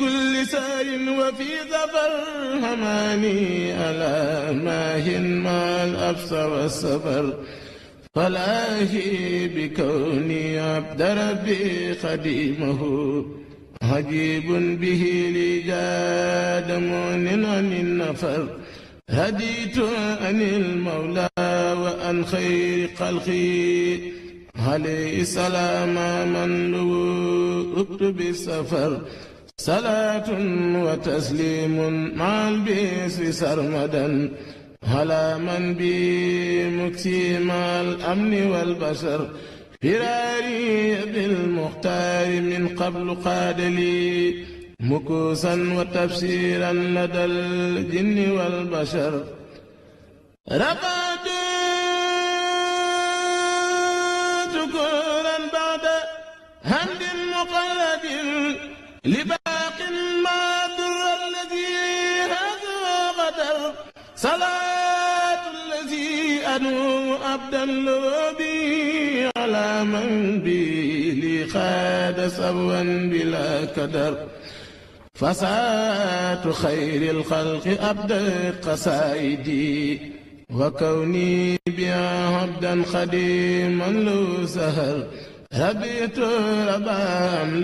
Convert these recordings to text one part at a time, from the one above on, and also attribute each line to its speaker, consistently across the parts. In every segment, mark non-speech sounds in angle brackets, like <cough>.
Speaker 1: kulli saarin wa fi safar xamaani ala maahin maal absa wa safar falaahi bi kawni abda rabbi xadimahu ajibun bihi li jaada moonin anin nafar hadiitu anil mawla wa an xayri xalqi alayhi salaama man lu uktu bi safar صلاة وتسليم مع البيس سرمدا على من بي مكسيم الأمن والبشر فراري بالمختار من قبل قاد لي مكوسا وتفسيرا لدى الجن والبشر رقد شكورا بعد همد مقلد لبا أدعو عبدا لربي على من بي لي خاد سبوا بلا كدر فساة خير الخلق أبدت قصائدي وكوني بها عبدا خديما له سهر ربيت ربا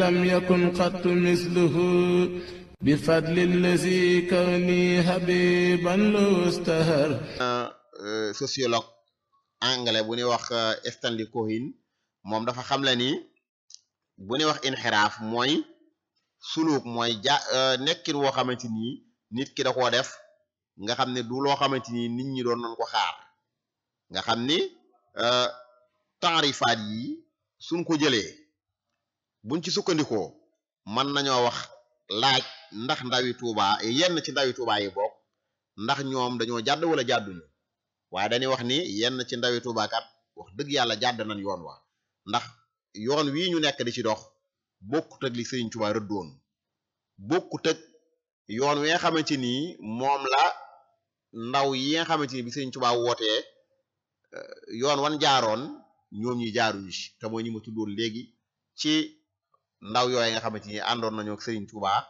Speaker 1: لم يكن قط مثله بفضل الذي كوني حبيبا له استهر
Speaker 2: sociologue anglais bu ñuy wax eh, Stanley Cohen moom dafa xamle ni bu ñuy wax inxiraaf mooy suluk mooy ja eh, nekkin woo xamante ni nit ki da koo def nga xam ne du loo xamante ni nit ñi doon nañ ko xaar nga xam ni eh, taarifaat yi suñ ko jëlee buñ ci sukkandikoo mën nañoo wax laaj ndax ndawi Tuuba yenn ci ndawi Tuuba yi bokk ndax ñoom dañoo jàdd wala jàdduñu waaye dañuy wax ni yenn ci ndawi tuubaakat wax dëgg yàlla jàdd nañ yoon wa ndax yoon wii ñu nekk di ci dox bokkut ak li Sëriñ Tuubaa rëddoon bokkut yoon wi nga xamante ni moom la ndaw yi nga xamante ni bi Sëriñ Tuubaa wootee euh, yoon wan jaaroon ñoom ñi jaaruñu ci te mooy ñi ma tuddoon léegi ci ndaw yooyu nga xamante ni àndoon nañoo ak Sëriñ Tuubaa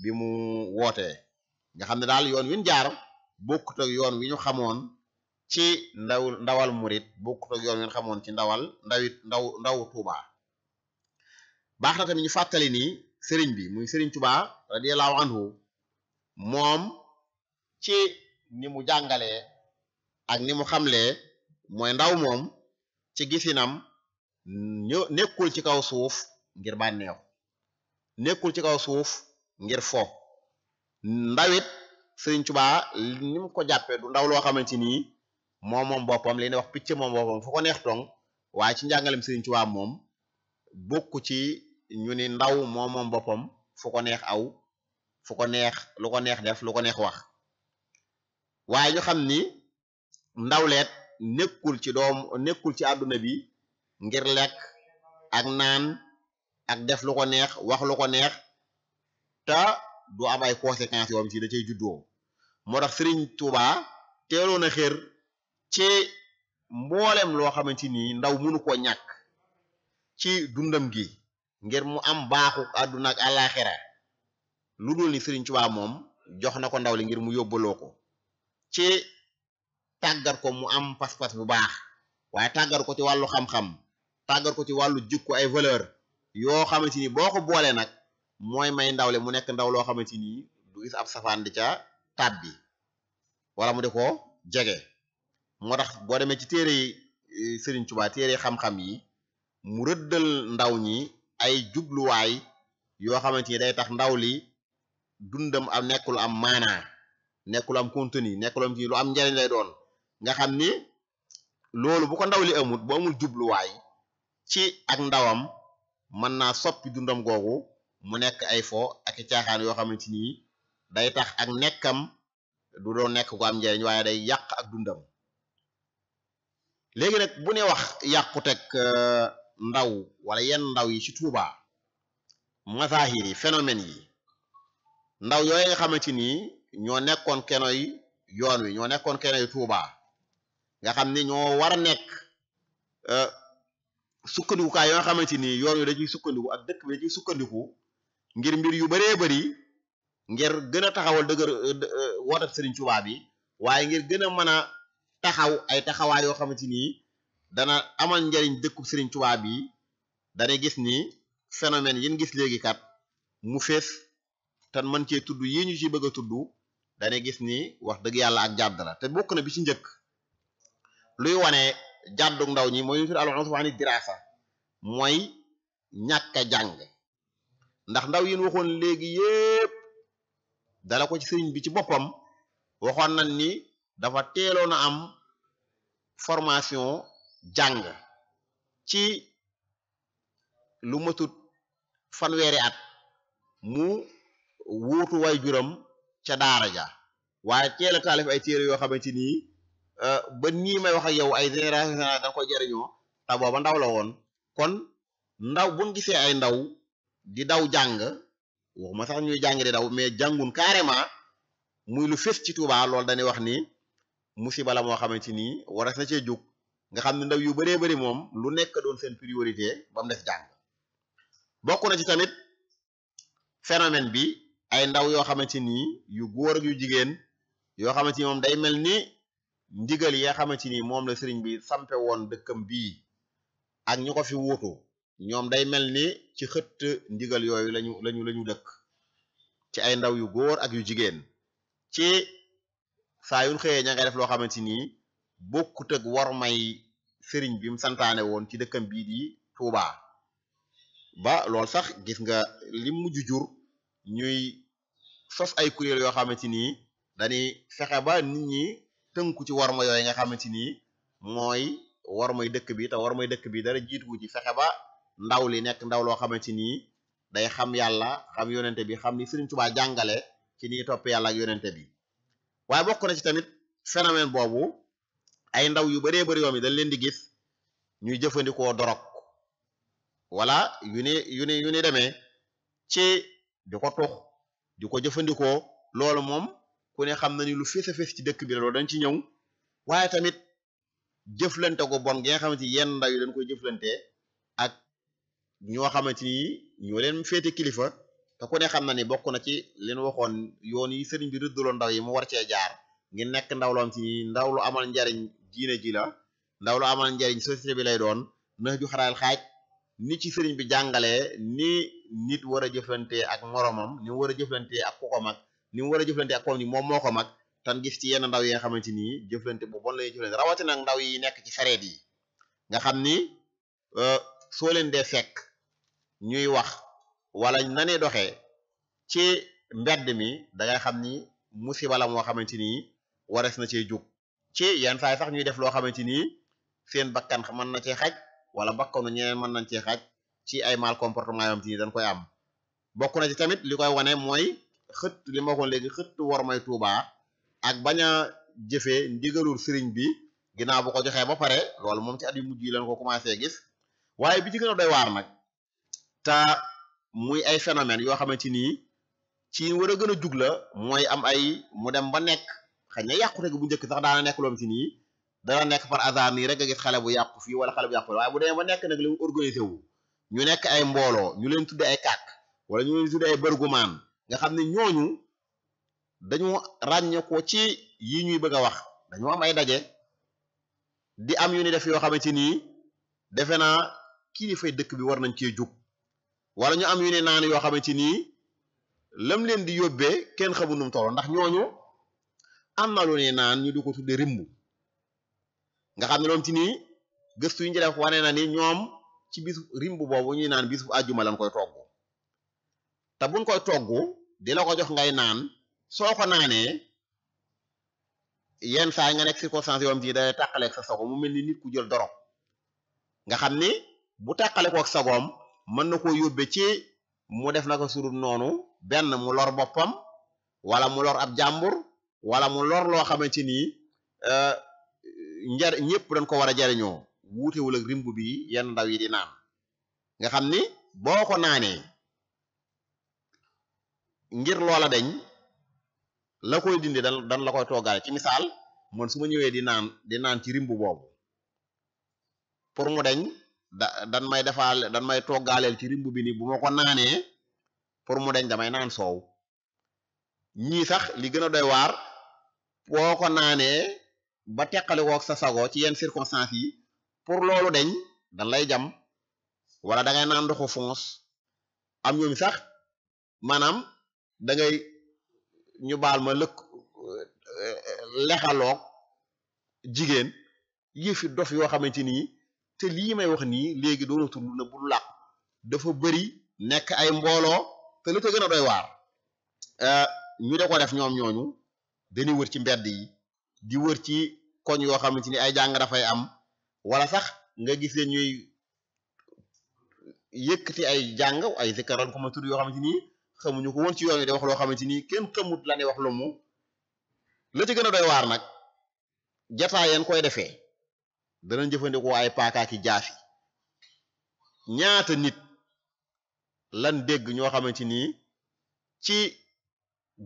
Speaker 2: bi mu woote nga xam ne daal yoon wi ñu jaar bokkut yoon wi ñu xamoon ci ndaw ndawal murit bokkut ak yoon ngeen xamoon ci ndawal ndawit ndaw ndaw Tuuba baax na tamit ñu fàttali nii sëriñ bi muy sëriñ Tuuba radiyallahu anhu moom ci ni mu jàngale ak ni mu xamlee mooy ndaw moom ci gisinam ñë nekkul ci kaw suuf ngir bànneew nekkul ci kaw suuf ngir fo ndawit sëriñ Tuuba ni ko jàppe du ndaw loo xamante nii moom moom boppam li ne wax picc moom boppam fu neex tong waaye ci njàngalem Sëriñ Tuubaa moom bokk ci ñu ni ndaw moom boppam fu ko neex aw fu ko neex lu ko neex def lu ko neex wax waaye ñu xam ni ndawleet nekkul ci doom nekkul ci àdduna bi ngir lekk ak naan ak def lu ko neex wax lu ko neex te du am ay conséquences yoo xam ci da cay juddoo moo Sëriñ Tuubaa teeloon ci mboolem loo xamante ni ndaw mënu koo ñàkk ci dundam gi ngir mu am baaxu àdduna ak àllaaxira lu dul ni Sëriñ Tuubaa moom jox na ko ndaw li ngir mu yóbbaloo ko ci tàggat ko mu am pas-pas bu baax waaye tàggat ko ci wàllu xam-xam ko ci wàllu jikko ay valeur yoo xamante ni boo ko boolee nag mooy may ndaw li mu nekk ndaw loo xamante ni du gis ab safaan di ca tàbbi wala mu di ko jege moo tax boo demee ci téere eh, sëriñ Tuubaa téere xam-xam yi mu rëddal ndaw ñi ay jubluwaay yoo xamante ni day tax ndaw li dundam am nekkul am maanaa nekkul am contenu nekkul am ci lu am njariñ lay doon nga xam ni loolu bu ko ndaw li amut bu amul jubluwaay ci ak ndawam mën naa soppi dundam googu mu nekk ay fo ak caaxaan yoo xamante ni day tax ak nekkam du doon nekk ku am njariñ waaye day yàq ak dundam léegi nag bu ne wax yàquteg euh, ndaw wala yenn ndaw yi ci Touba mazahir yi phénomène yi ndaw yooyu nga xamante ni ñoo nekkoon keno yi yoon wi ñoo nekkoon kenoy Touba nga xam ni ñoo war a nekk euh, sukkandikukaay yoo nga xamante ni yoon wi da ciy sukkandiku ak dëkk bi da ciy sukkandiku ngir mbir yu baree bëri ngir gën a taxawal dëgër euh, wootat Serigne Touba bi waaye ngir gën a taxaw ay taxawaay yoo xamante ni dana amal njariñ dëkku sëriñ Touba yi dana gis ni phénomène yin gis léegi kat mu fees tan mën cee tudd yii ñu ci bëgg a tudd dana gis nii wax dëgg yàlla ak jàdd la te bokk na bi ci njëkk luy wane jàddu ndaw ñi mooy suñu alxames wax ni mooy ñàkk a ndax ndaw yin waxoon léegi yépp dala ko ci sëriñ bi ci boppam waxoon nañ ni dafa teeloon a am formation jàng ci lu matut fanweeri at mu wuutu way juram ca daara ja waaye teel a taalif ay téere yoo xamante ni euh, ba nii may wax a yow ay génération da nga koy jariñoo booba ndaw la woon kon ndaw buñ gisee ay ndaw di daw jàng waxuma sax ñuy jàng di daw mais jàngun carrément muy lu fés ci Tuubaa loolu dañuy wax nii musiba la moo xamante ni waras na cee jóg nga xam ne ndaw yu bëree bëri moom lu nekk doon seen priorité ba mu def jàng bokk na ci tamit phénomène bi ay ndaw yoo xamante ni yu góor ak yu jigéen yoo xamante ni moom day mel ni ndigal yi nga xamante ni moom la sëriñ bi sampe woon dëkkam bii ak ñu ko fi wuutu ñoom day mel ni ci xëtt ndigal yooyu lañu lañu lañu dëkk ci ay ndaw yu góor ak yu jigéen ci saa yu xëyee ña ngay def loo xamante ni bokkut ak war may sëriñ bi mu santaane woon ci dëkkam bii di Touba ba loolu sax gis nga lim mujj jur ñuy sos ay kuréel yoo xamante ni dañuy fexe ba nit ñi tënku ci war ma yooyu nga xamante ni mooy war may dëkk bi te war may dëkk bi dara jiituwu ci fexe ba ndaw li nekk ndaw loo xamante ni day xam yàlla xam yonente bi xam ni sëriñ Touba jàngale ci ni topp yàlla ak yonente bi waaye bokk na ci tamit phénomène boobu ay ndaw yu baree bëri yoom yi dañ leen di gis ñuy jëfandikoo dorog wala yu ni yu ni yu ni demee ci di ko tux di ko jëfandikoo loolu moom ku ne xam na ni lu fees fees ci dëkk bi la loolu dañ ci ñëw waaye tamit jëflante ko bon gi nga xamante ni yenn ndaw yu dañ koy jëflante ak ñoo xamante ni ñoo leen féete kilifa te ku ne xam na ni bokk na ci leen waxoon yoon yi sëriñ bi rëddaloo ndaw yi mu war cee jaar ngi nekk ndaw loom ci ndaw lu amal njariñ diine ji la ndaw lu amal njariñ société bi lay doon nax ju xaral xaaj ni ci sëriñ bi jàngalee ni nit war a jëflante ak moromam ni mu war a jëflante ak ku ko mag ni war a jëflante ak koom ni moom moo ko mag tan gis ci yenn ndaw yi nga xamante ni jëflante bu bon la rawatina ndaw yi nekk ci xareet yi nga xam ni euh, soo leen dee fekk ñuy wax wala na ne doxee ci mbedd mi da xam ni musiba la moo xamante ni warees na cee jug ci yenn saay sax ñuy def loo xamante ni seen bakkan mën na cee xaj wala bakkanu ñeneen mën nañ cee xaj ci ay mal comportement yom ti ni dañ koy am bokk na ci tamit li koy wane mooy xët li ma ko léegi xët war may Tuuba ak bañ a jëfee ndigalul sëriñ bi ginnaaw bu ko joxee ba pare loolu moom ci at yu mujj yi lañ ko commencé gis waaye bi ci gën a doy waar nag te muy ay phénomène yoo xamante nii ci war a gën a jug la mooy am ay mu dem ba nekk xëy na yàqu rek bu njëkk sax daana nekk loom ci nii dana nekk par hasard nii rek a gis xale bu yàqu fii wala xale bu yàqu waaye bu demee ba nekk nag lu organisé wu ñu nekk ay mbooloo ñu leen tudde ay kàkk wala ñu leen tudde ay bërgumaan nga xam ne ñooñu dañu ràññe ci yi ñuy bëgg a wax dañu am ay daje di am yu ni def yoo xamante nii defe naa kilifay dëkk bi war nañ cee jug wala ñu am yu ne naan yoo xamante nii lam leen di yóbbee kenn xamu nu mu ndax ñooñu am na lu ne naan ñu du ko tudde rimb nga xam ne loom ci nii gëstu yu ñu wane na ni ñoom ci bis rimb boobu ñuy naan bis bu àjjuma lañ koy togg te buñ koy toggu dina la ko jox ngay naan soo ko naanee yenn saa nga nekk ko yoo xam ci day tàqaleeg sa sago mu mel ni nit ku jël dorog nga xam ni bu tàqale sagoom mën na koo yóbbe ci mu def na naka surut noonu benn mu lor boppam wala mu lor ab jàmbur wala mu lor loo xamante ni euh, njar ñëpp dañ ko war a jariñoo wuutewul ak rimb bi yan ndaw yi di naan nga xam ni boo ko naanee ngir loola dañ la koy dindi dan dan la koy toggaale ci misaal man su ma ñëwee di naan di naan ci rimb boobu pour mu dañ da dan may defaale dan may toggaaleel ci rimb bi ni bu ma ko naanee pour mu deñ damay naan soow ñii sax li gën a doy waar boo ko naanee ba teqalikook sa sago ci yenn circonstances yi pour loolu deñ dan lay jam wala da ngay naan ndoxu fons am ñoom sax maanaam da ngay ñu baal ma lëkk
Speaker 1: euh, euh,
Speaker 2: lexaloog jigéen yëfi dof yoo xamante nii te lii may wax nii léegi doonatul lu na lu làqu dafa bari nekk ay mbooloo te lu te gën a doy waar euh, ñu de ko def ñoom ñooñu dañuy wër ci mbedd yi di wër ci koñ yoo xam ci ni ay jàng dafay am wala sax nga gis leen ñuy yëkkati ay jàng ay zikkaroon ko ma tudd yoo xam ne ci nii xamuñu ko woon ci yoon yi di wax loo xamante ni kenn xamut la ne wax lu mu la ci gën a doy waar nag jataa yeen koy defee danañ jëfandikoo ay paakaaki ki jaafi ñaata nit lan dégg ñoo xamante nii ci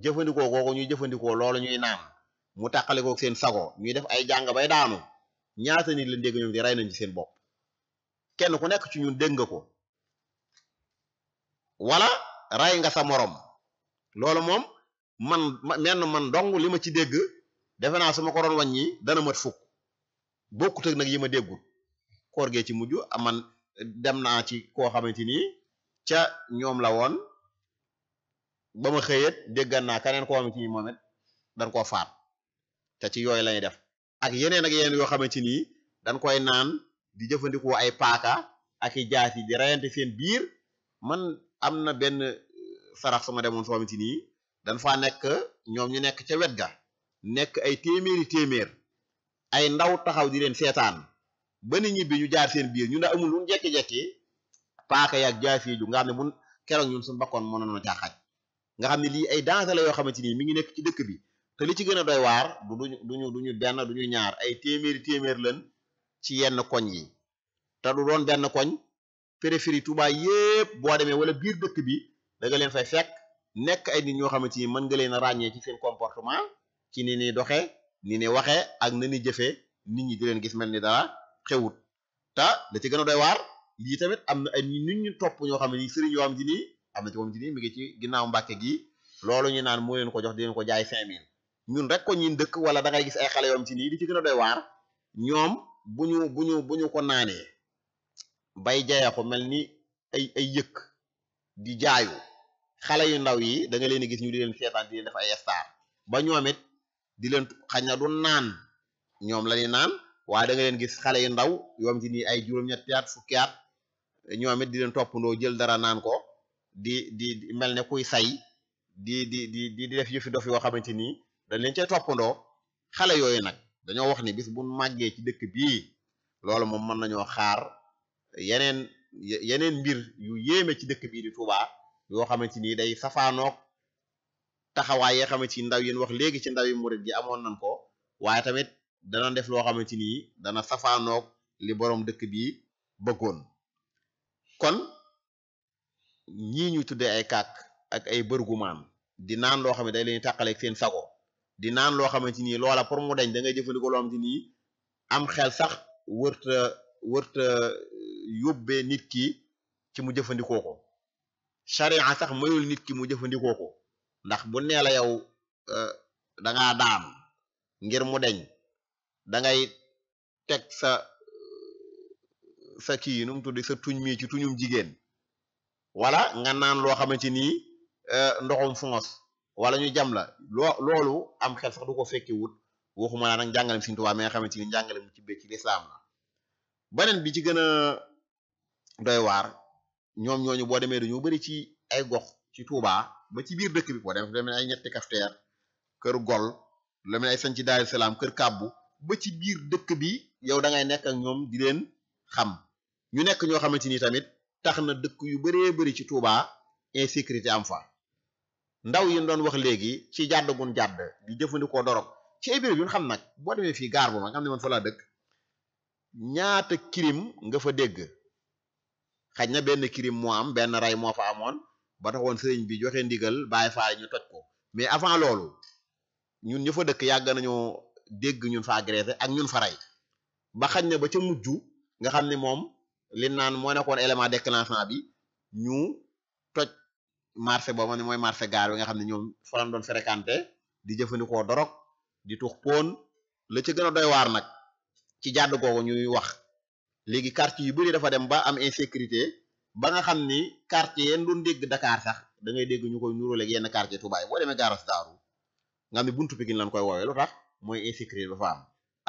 Speaker 2: jëfandikoo kooku ñuy jëfandikoo loolu ñuy naan mu tàqale kook seen sago ñuy def ay jàng bay daanu ñaata nit lan dégg ñoom di rey nañ ci seen bopp kenn ku nekk ci ñun dégg nga ko wala rey nga sa morom loolu moom man menn man dong li ma ci dégg defe naa su ma ko doon wàññi dana mat fukk bokkut ak nag yi ma déggul koor gee ci mujj aman ah, eh, dem naa ci koo xamante ni ca ñoom la woon ba ma xëyat déggan naa keneen koo xamante ni moom it dañ koo faat te ci yooyu lañuy def ak yeneen ak yeneen yoo xamante ni dañ koy naan di jëfandikoo ay paaka ak i jaas yi di reyante seen biir man am na benn eh, sarax sama demoon soo xamante ni dañ fa nekk ñoom ñu nekk ca wet ga nekk ay téeméeri téeméer ay ndaw taxaw di leen seetaan ba nit ñi ñu jaar seen biir ñu ne amul lu jekki-jekki paaka yaag jaafee ju nga xam ne mun keroog ñun suñu bakkoon mën nañoo caaxaaj nga xam ne lii ay danger yoo xamante ni mi ngi nekk ci dëkk bi te li ci gën a doy waar du duñu duñu duñu benn duñu ñaar ay téeméeri téeméer lañ ci yenn koñ yi te du doon benn koñ périphérie Touba yépp boo demee wala biir dëkk bi da leen fay fekk nekk ay nit ñoo xamante ni mën nga leen a ràññee ci seen comportement ci ni ni doxee ni ne waxee ak na ni jëfee nit ñi di leen gis mel ni dara xewut te da ci gën a doy waar lii tamit am na ay nit ñu topp ñoo xam ne nii sëriñ yoo am ji nii am na ci moom ji nii mi ngi ci ginnaaw mbàkke gi loolu ñu naan moo leen ko jox di leen ko jaay cinq mille ñun rek ko ñun dëkk wala dangay gis ay xale yoom am ci nii li ci gën a doy waar ñoom bu ñu bu ñu bu ñu ko naanee bay jayee mel ni ay ay yëkk di jaayu xale yu ndaw yi danga leen di gis ñu di leen seetaan di leen ba ñoom di leen xañ na du naan ñoom la naan waa da leen gis xale yu ndaw yoom ci ni ay juróom-ñetti at fukki at ñoom it di leen toppandoo jël dara naan ko di di mel ne kuy say di di di di def yëfi dof yoo xamante ni dañ leen cay toppandoo xale yooyu nag dañoo wax ni bis bu màggee ci dëkk bi loolu moom mën nañoo xaar yeneen yeneen mbir yu yéeme ci dëkk bii di Touba yoo xamante day safaanook taxawaay yoo xamante ni ndaw yéen wax léegi ci ndaw yi murid ji amoon nañ ko waaye tamit dana def loo xamante nii dana safaanoog li boroom dëkk bi bëggoon kon ñii ñu tuddee ay kàkk ak ay bërgumaan di naan loo xam ne day leen tàqaleeg seen sago di naan loo xamante ni loola pour mu deñ dangay ngay jëfandikoo loo xamante ni am xel sax wërta wërta yóbbee nit ki ci mu jëfandikoo ko charia sax mayul nit ki mu jëfandikoo ko ndax bu nee la yow euh, dangaa daan ngir mu deñ dangay teg sa sa kii nu mu tudd sa tuñ mi ci tuñum jigéen wala nga naan loo xamante ni euh, ndoxum fungos wala ñu jam la loo loolu am xel sax du ko fekki wut waxuma naa nag njàngalem Sëriñ Tuubaa mi nga xamante ni njàngalem ci bé ci lislaam la beneen bi ci gën a doy waar ñoom ñooñu boo demee dañoo bari ci ay gox ci Tuubaa ba ci biir dëkk bi boo dem demee ay ñetti kafteer kër gol lu mel ay sañ ci daaru kër kàbbu ba ci biir dëkk bi yow da ngay nekk ak ñoom di leen xam ñu nekk ñoo xamante ni tamit tax na dëkk yu baree bëri ci Touba insécurité am fa ndaw yi doon wax léegi ci jàdd gun jàdd di jëfandikoo dorog ci ay béréb yu xam nag boo demee fii gaar bu ma am ne man fa dëkk ñaata kirim nga fa dégg xaj na benn kirim moo am benn rey moo fa amoon ba taxoon sëriñ bi joxe ndigal bàyyi faal ñu toj ko mais avant loolu ñun ñu fa dëkk yàgg nañoo dégg ñun fa agressé ak ñun fa ba xañ na ba ca mujj nga xam ne moom li naan moo nekkoon élément déclenchement bi ñu toj marché boobu ne mooy marché gaar bi nga xam ne ñoom fa lañ doon fréquenté di jëfandikoo dorog di tux poon la ci gën a doy waar nag ci jàdd googu ñuy wax léegi quartier yi bari dafa dem ba am insécurité ba nga xam ni quartier yeen doon dégg Dakar sax da ngay dégg ñu koy nuróole ak yenn quartier Touba yi boo demee gaaras daaru nga xam ne buntu Pikine lan koy woowee lu tax mooy insécurité ba fa am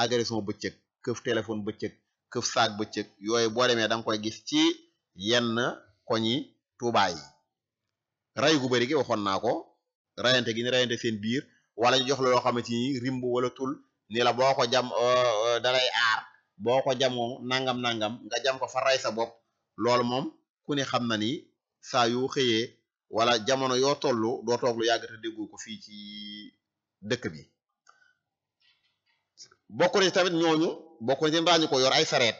Speaker 2: agression bëccëg këf téléphone bëccëg këf saag bëccëg yooyu boo demee da koy gis ci yenn koñi Touba yi ray gu bëri gi waxoon naa ko rayante gi ni rayante seen biir wala ñu jox la loo xamante ni rimb wala tul ni la boo ko jam euh, euh, dalay aar boo ko jamoo nangam nangam nga jam ko fa ray sa bopp loolu moom ku xam na ni saa yoo xëyee wala jamono yoo toll doo toog lu yàgg te déggoo ko fii ci dëkk bi bokk ci tamit ñooñu bokk na ci ràññu ko yor ay sareet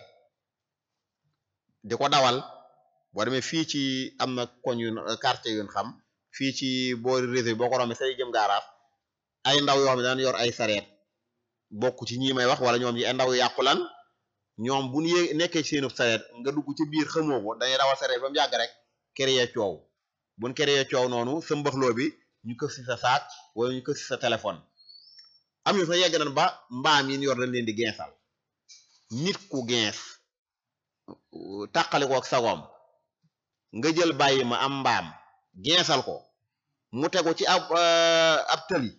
Speaker 2: di ko dawal boo demee fii ci am na koñ yu quartier xam fii ci boori boo ko romee say jëm gaaraaf ay ndaw yoo xam ne yor ay sareet bokk ci ñi may wax wala ñoom ñi ay ndaw yu lan ñoom bu ñu nekkee ci seenu sareet nga dugg ci biir xamoo ko dañuy dawal sareet ba mu yàgg rek. créer coow buñ créer coow noonu sa mbaxloo bi ñu këf si sa saak wala ñu këf si sa téléphone am ñu sax yegg nañ ba mbaam yi ñu yor dañ leen di geesal nit ku gees tàqali ko ak sagoom nga jël bàyyi ma am mbaam geesal ko mu tegu ci ab euh, ab tëli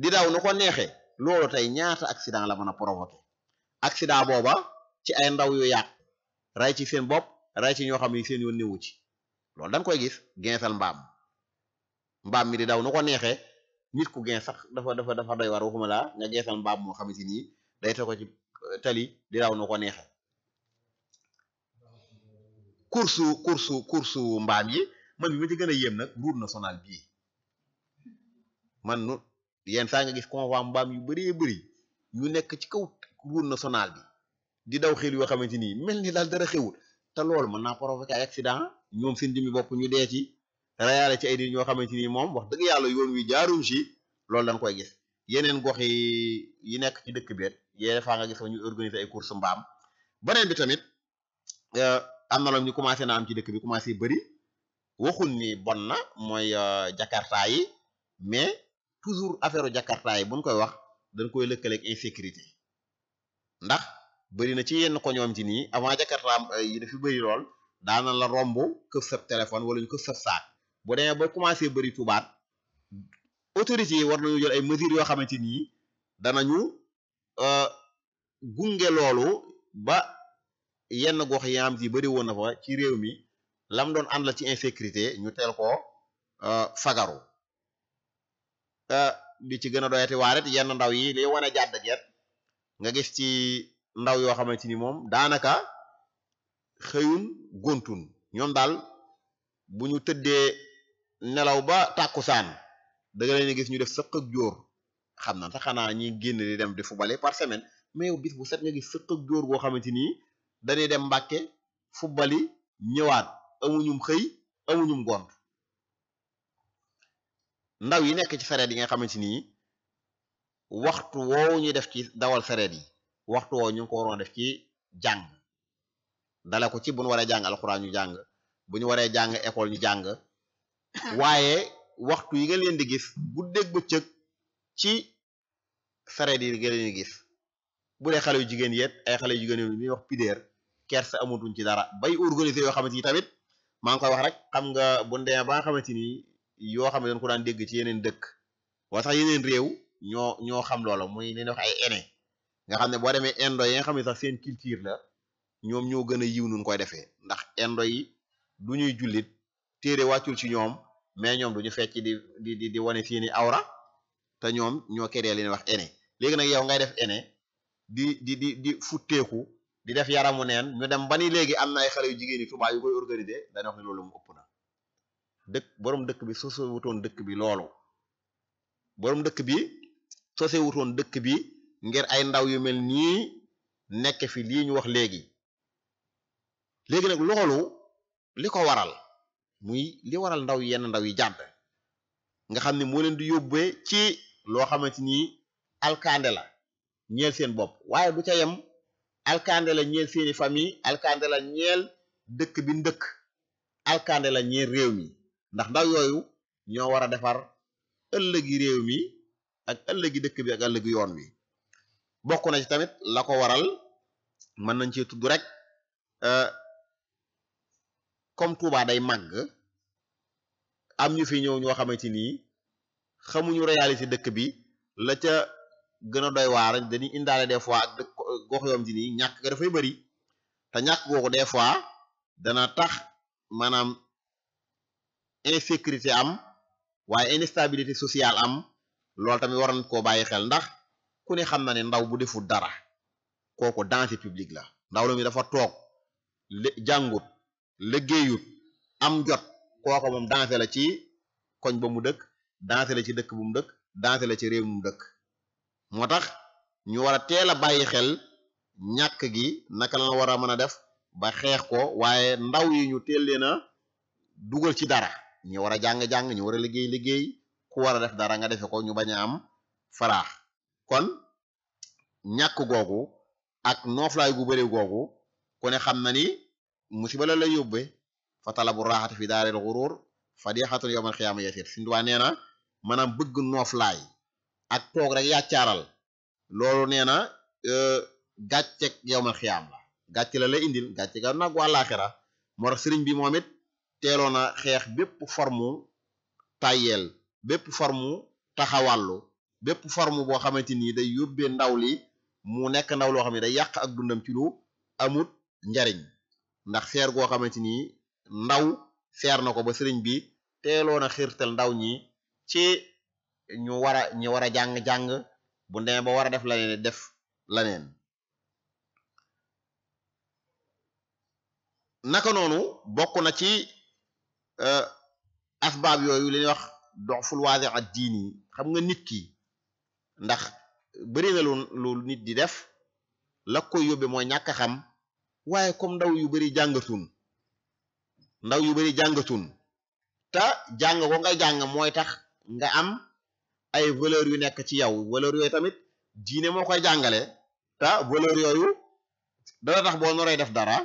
Speaker 2: di daw nu ko neexee loolu tey ñaata accident la mën a provoqué accident booba ci ay ndaw yu yàq ray ci seen bopp ray ci ñoo xam ne seen yoon newu ci loolu da koy gis geesal mbaam mbaam mi di daw nu ko neexee nit ku gees sax dafa dafa dafa doy war waxuma laa nga geesal mbaam moo xamante nii day te ko ci euh, tali di daw nu ko neexee kursu kursu kursu mbaam yi man bi ma ci gën a yéem nag route nationale bii man nu yenn saa nga gis convoi mbaam yu bëree bëri ñu nekk ci kaw route nationale bi di daw xel yoo xamante ni mel ni daal dara xewul te loolu mën naa provoquer ay accident ñoom seen jëmmi bopp ñu dee ci rayaale ci ay nit ñoo xamante ni moom wax dëgg yàlla yoon wi jaaruñ si loolu dañ koy gis yeneen gox yi yi nekk ci dëkk bi yéen faa nga gis ñu organiser ay course mbaam beneen bi tamit euh, am na loom ñu commencé naa am ci dëkk bi commencé bëri waxul ni bon na mooy euh, jakarta yi mais toujours affaire jakarta yi buñ koy wax dañ koy lëkkaleeg insécurité ndax bëri na ci yenn ko ñoom ci nii avant jakarta yi dafi bëri lool daana la romb këf sab téléphone wala ñu këf sab saak bu demee ba commencé bari tubaat autorités yi war nañu jël ay mesures yoo xamante nii danañu euh, gunge loolu ba yenn gox yi am ji bëri woon na fa ci réew mi lam doon ànd la ci insécurité ñu teel ko euh, fagaru di euh, ci gën a doyati waa ret yenn ndaw yi li wane jàdd geet nga gis ci ndaw yoo xamante ni moom daanaka xëyun gontun ñoom daal bu ñu tëddee nelaw ba tàkkusaan da nga leen gis ñu def sëq jóor xam na sax xanaa ñi génn di dem di fubale par semaine mais yow bis bu set nga gis sëq ak jóor goo xamante nii dañuy dem mbàkke fubali ñëwaat amuñum xëy amuñum gont ndaw yi nekk ci sareet yi nga xamante nii waxtu woowu ñuy def ci dawal sareet yi waxtu woo ñu ngi ko waroon def ci jàng dale ko ci bon ñu waree jàng alxuraan ñu jàng bu ñu waree jàng école ñu jàng <coughs> waaye waxtu yi nga leen di gis guddeeg bëccëg ci sareet yi nga leen gis bu dee xale yu jigéen yépp ay xale yu jigéen yi ñuy wax pideer kersa amatuñ ci dara bay organiser yoo xamante ni tamit maa ngi koy wax rek xam nga bu ndee ba xamante ni yoo xam ne dañ ko daan dégg ci yeneen dëkk wala sax yeneen réew ñoo ñoo xam loolo muy li ñuy wax ay aînés nga xam ne boo demee indo yi nga xam ne sax seen culture la ñoom ñoo gën a yiw nun koy defee ndax indo yi du ñuy jullit téere wàccul ci ñoom mais ñoom du ñu fecc di di di wane seeni awra te ñoom ñoo keree li ñuy wax ene léegi nag yow ngay def ene di di di di futteeku di def yaramu neen ñu dem ba ni léegi am na ay xale yu jigéen yi tubaab yu koy organisé dañ wax ne loolu mu ëpp na dëkk borom dëkk bi sose wutoon dëkk bi loolu borom dëkk bi sose wutoon dëkk bi ngir ay ndaw yu mel nii nekk fi lii ñu wax léegi léegi nag loolu li ko waral muy li waral ndaw yenn ndaw yi jàdd nga xam ni moo leen di yóbbee ci loo xamante ni alkaande la ñeel seen bopp waaye du ca yem alkande la ñeel seeni famille alkande la ñeel dëkk bi ndëkk alkande la ñeel réew mi ndax ndaw yooyu ñoo war a defar ëllëgi réew mi ak ëllëgi dëkk bi ak ëllëgi yoon wi bokk na ci tamit la ko waral mën nañ ci tudd rek euh, comme Touba day màgg am ñu fi ñëw ñoo xamante ni xamuñu réalité dëkk bi la ca gën a doy waar dañuy indaale des fois ak gox yoom ji nii ñàkk ga dafay bëri te ñàkk googu de fois dana tax maanaam insécurité am waaye instabilité sociale am loolu tamit war nañ koo bàyyi xel ndax ku ne xam na ne ndaw bu deful dara kooku danger public la ndaw la mi dafa toog jàngut liggéeyut am jot kooka moom dansé la ci koñ ba mu dëkk dansé la ci dëkk bu mu dëkk dansé la ci réew mu dëkk moo tax ñu war a teel a bàyyi xel ñàkk gi naka la war a mën a def ba xeex ko waaye ndaw yi ñu teel leen a dugal ci dara ñu war a jàng-jàng ñu wara liggéey liggéey ku war a def dara nga defe ko ñu bañ a am faraax kon ñàkk googu ak nooflaay gu bare googu ku ne xam na ni musiba la lay yóbbee fa talabu raaxati fi daaril xuruur fadixatun yowmal xiyaama yasiir suñ duwaa nee na maanaam bëgg nooflaay ak toog rek yàccaaral loolu nee na euh, gàcceg yowmal xiyaam la gàcce la lay indil gàcce ga nag àllaaxira moo tax sëriñ bi moom it teeloon na xeex bépp formu tayel bépp formu taxawàllu bépp forme boo xamante ni day yóbbee ndaw li mu nekk ndaw loo xam ne day yàq ak dundam ci lu amut njariñ ndax seer goo xamante ni ndaw seer na ko ba sëriñ bi teeloon a xiirtal ndaw ñi ci ñu war a ñu war a jàng-jàng bu ndee ba war a def laneen def laneen naka noonu bokk na ci euh, asbaab yooyu li wax dox ful waase yi xam nga nit ki ndax bëri lu nit di def la koy yóbbe mooy ñàkk a xam waaye comme ndaw yu bari jàngatun ndaw yu bari jàngatun te jàng ko nga jàng mooy tax nga am ay valeur yu nekk ci yow valeur yooyu tamit diine moo koy jàngale te valeur yooyu dana tax boo noree def dara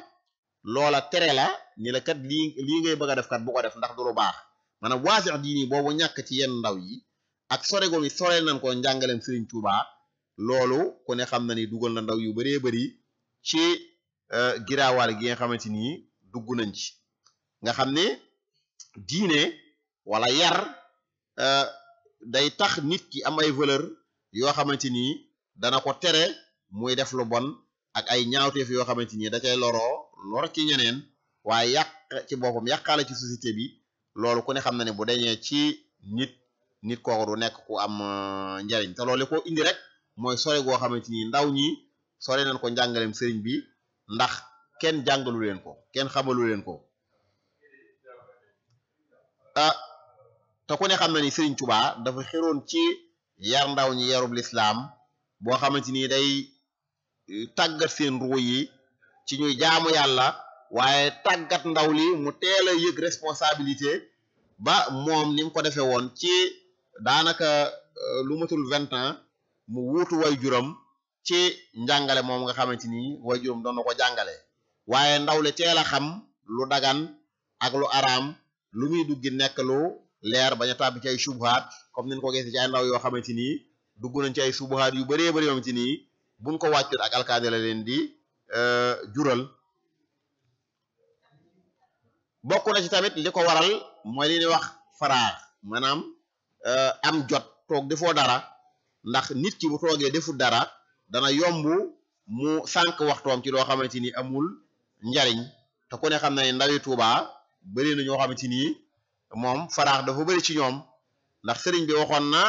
Speaker 2: loola tere la ni la kat lii lii ngay bëgg a def kat bu ko def ndax du lu baax maanaam waasix diini boobu ñàkk ci yenn ndaw yi ak sore goom yi soreel nañ ko njàngaleem Sëriñ Tuubaa loolu ku ne xam na ni dugal na ndaw yu baree bari ci Euh, giraawaale gi nga xamante ni dugg nañ ci nga xam ne diine wala yar euh, day tax nit ki am ay valeur yoo xamante ni dana ko tere muy def lu bon ak ay ñaawteef yoo xamante ni da cay loroo lor ci ñeneen waaye yàq ci boppam yàqaale ci société bi loolu ku ne xam na ne bu deñee ci nit nit kooku du nekk ku am euh, njariñ te loolu ko indi rek mooy sore goo xamante ni ndaw ñi sore nañ ko njàngaleem sëriñ bi ndax kenn jàngalu leen ko kenn xamalu leen ko a ah, te ku ne xam na ni Serigne Touba dafa xëroon ci yar ndaw ñi yarub lislaam boo xamante ni day eh, tàggat seen ruu yi ci ñuy jaamu yàlla waaye tàggat ndaw li mu teel a yëg responsabilité ba moom ni ko defee woon ci daanaka eh, lu matul vingt ans mu wuutu way juram ci njàngale moom nga xamante ni way juróom doon na ko jàngale waaye ndaw le teel xam lu dagan ak lu araam lu muy duggi nekk lu leer bañ a tàbbi ci ay subuhaat comme niñ ko gisee ci ay ndaw yoo xamante ni dugg nañ ci ay subuhaat yu bëree bëri yoo xamante ni ko wàccut ak alkaani la leen di e, jural bokk na ci tamit li ko waral mooy li wax faraax maanaam e, am jot toog defoo dara ndax nit ki bu toogee deful dara dana yomb mu sànq waxtoom ci loo xamante ni amul njariñ te ku ne xam na ne ndawi Tuuba bëri na ñoo xamante ni moom faraax dafa bari ci ñoom ndax sëriñ bi waxoon na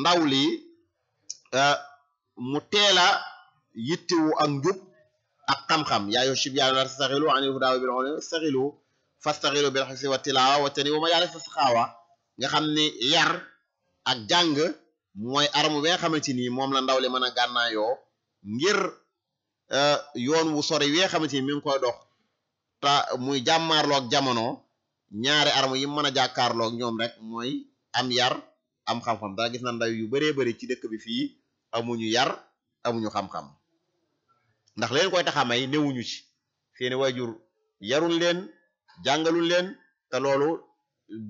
Speaker 2: ndaw li euh, mu teela a ak njub ak xam-xam yaa yo shib yàlla tastaxilu anil hudaa bil ulumi tastaxilu fastaxilu bil hifzi wa tilaawa wa tani wa ma yàlla saxaawa nga xam ni yar ak jàng mooy arme bi nga xamante ni moom la ndaw li mën a gànnaayoo ngir euh, yoon wu sori wi nga xamante ni mi ngi koy dox te muy jàmmaarloog jamono ñaari arme yim mën a jàkkaarloog ñoom rek mooy am yar am xam-xam dana gis na ndaw yu baree bëri ci dëkk bi fii amuñu yar amuñu xam ndax leen koy tax a may newuñu ci seeni waajur yarul leen jàngalul leen te loolu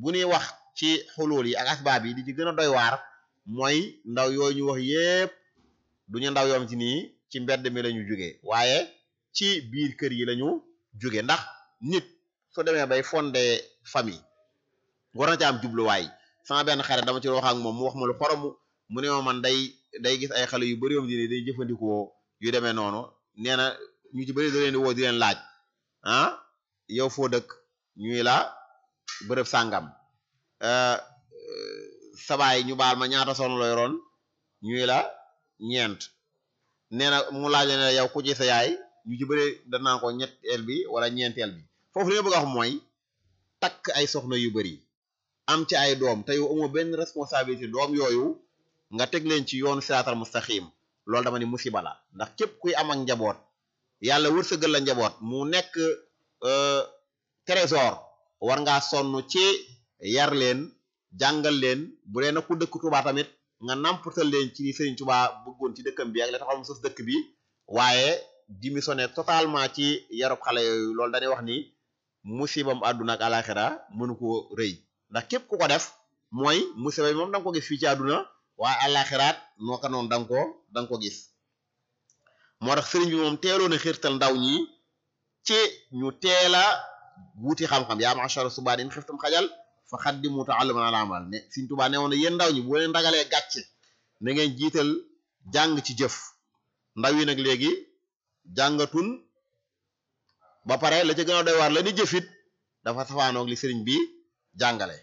Speaker 2: bu ñuy wax ci xulul yi ak asbaab yi di ci gën a doy waar mooy ndaw yooyu ñu wax yépp du ñu ndaw yoom ci nii ci mbedd mi lañu jóge waaye ci biir kër yi lañu jóge ndax nit su demee bay fondé famille war na jubluwaay sama benn xarit dama ci wax ak moom mu wax ma lu xoromu mu ne ma man day day gis ay xale yu bari yoom ci nii day jëfandikoo yu demee noonu nee na ñu ci bari da leen di leen laaj ah yow foo dëkk ñuy la bërëb sàngam euh, sa baay ñu baal ma ñaata soxna la ron ñuy la ñeent nee na mu laajoon ne yow ku ci sa yaay ñu ci bëri danaa ko ñetteel bi wala ñeenteel bi foofu li nga bëgg mooy takk ay soxna yu bëri am ci ay doom te yow amoo benn responsabilité doom yooyu nga teg leen ci yoon siraatal mustaqim loolu dama ni musiba la ndax képp kuy am njaboot yàlla wërsëgal la njaboot mu nekk euh, trésor war sonn ci yar leen jàngal leen bu leen na ku dëkk Touba tamit nga nàmpatal leen ci Serigne Touba bëggoon ci dëkkam bi ak la taxaw mu dëkk bi waaye démissionné totalement ci yarub xale yooyu loolu dañuy wax ni musibam àdduna ak alaxira mënu ko rëy ndax képp ku ko def mooy musiba bi moom danga ko gis fii ci àdduna waaye alaxiraat noo ko noonu danga nga ko da ko gis moo tax Serigne bi moom teeloon a xiirtal ndaw ñi ci ñu teel a wuti xam-xam yaa ma'shara subaadin xiftum xajal fa xaddimu taallaman ala amal ne Sëriñ Tuubaa ne woon ne yéen ndaw ñi bu leen ragalee gàcce na ngeen jiital jàng ci jëf ndaw yi nag léegi jàngatun ba pare la ca gën doy waar la jëfit dafa safaanoog li sëriñ bi jàngale